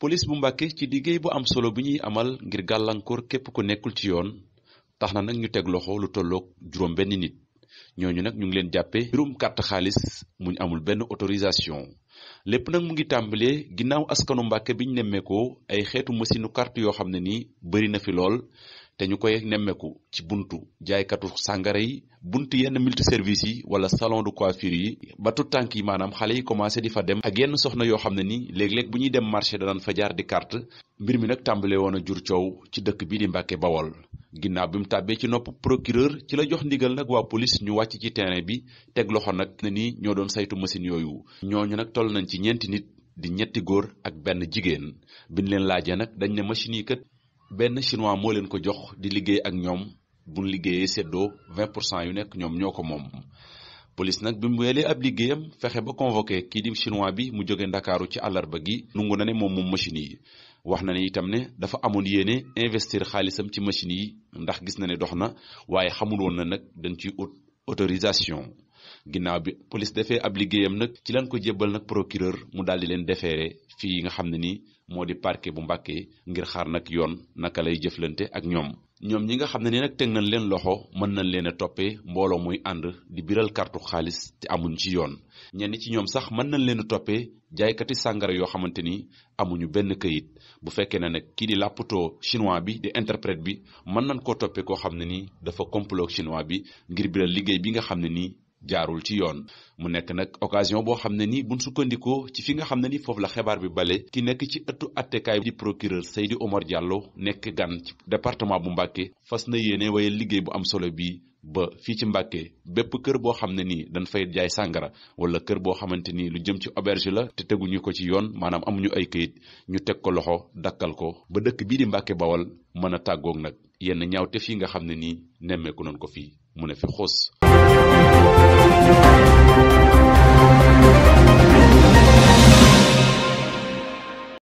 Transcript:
polis bu Mbàkke ci liggéey bu am solo bu ñuy amal ngir gàllankoor képp ku nekkul ci yoon tax na nag ñu teg loxo lu tolloog juróom benn nit ñooñu nag ñu ngi leen jàppee mbirum carte xaalis mu ñu amul benn autorisation lépp nag mu ngi tàmbalee ginnaaw askanu Mbàkke bi ñu nemmeekoo ay xeetu masinu carte yoo xam ne nii bëri na fi lool dañu ñu koy nemmeeku ci buntu jaaykatu sàngara yi buntu yenn multiservice yi wala salon de coiffure yi ba tout tànk yi maanaam xale yi commencé di fa dem ak yenn soxna yoo xam ne ni léegi léeg bu ñuy dem marché danaan fa jaar di carte mbir mi nag tàmbale woon a jur coow ci dëkk bii di Mbàkke Bawol ginnaaw bi mu tàbbee ci nopp procureur ci la jox ndigal nag waa police ñu wàcc ci terrain bi teg loxo nag ne ni ñoo doon saytu machine yooyu ñooñu nag toll nañ ci ñeenti nit di ñetti góor ak benn jigéen biñ leen laajee nag dañ ne machine kat benn chinois moo leen ko jox di liggéey ak ñoom buñ liggéeyee seddoo 20 pour cent yu nekk ñoom ñoo ko moom police nag bi mu welee ab liggéeyam fexe ba convoqué kii di chinois bi mu jóge ndakaaru ci àllarba gi nungu na ne moom moom machine yi wax na ne itam ne dafa amoon yéene investir xaalisam ci machine yi ndax gis na ne dox na waaye xamul woon na nag dañ ci autorisation ginnaaw bi polis defee ab liggéeyam nag ci lañ ko jébbal nag procureur mu daal di leen defeere fii nga xam ne ni moo di parquet bu Mbàkke ngir xaar nag yoon naka lay jëflante ak ñoom ñoom ñi nga xam ne ni nag teg nañ leen loxo mën nañ leen a toppee mbooloo muy ànd di biral kartu xaalis te amuñu ci yoon ñenn ci ñoom sax mën nañ leen a toppee jaaykati sàngara yoo xamante ni amuñu benn kayit bu fekkee ne nag kii di làppatoo chinois bi di interprète bi mën nañ koo toppee koo xam ne ni dafa complot chinois bi ngir biral liggéey bi nga xam ne nii jaarul ci yoon mu nekk nag occasion boo xam ne ni bu sukkandikoo ci fi nga xam ne ni foofu la xibaar bi bale ki nekk ci ëttu attekaay di procureur Seydi omor Diallo nekk gan ci département bu Mbàkke fas na yéene waaye liggéey bu am solo bi ba fii ci Mbàkke bépp kër boo xam ne nii dañ fay jaay sàngara wala kër boo xamante nii lu jëm ci auberge la te teguñu ko ci yoon maanaam amuñu ay këyit ñu teg ko loxo dakkal ko ba dëkk bii di Mbàkke Bawal mën a tàggook nag yenn ñaawteef fii nga xam ne nii nemmeeku nañ ko fii mu ne fi xuus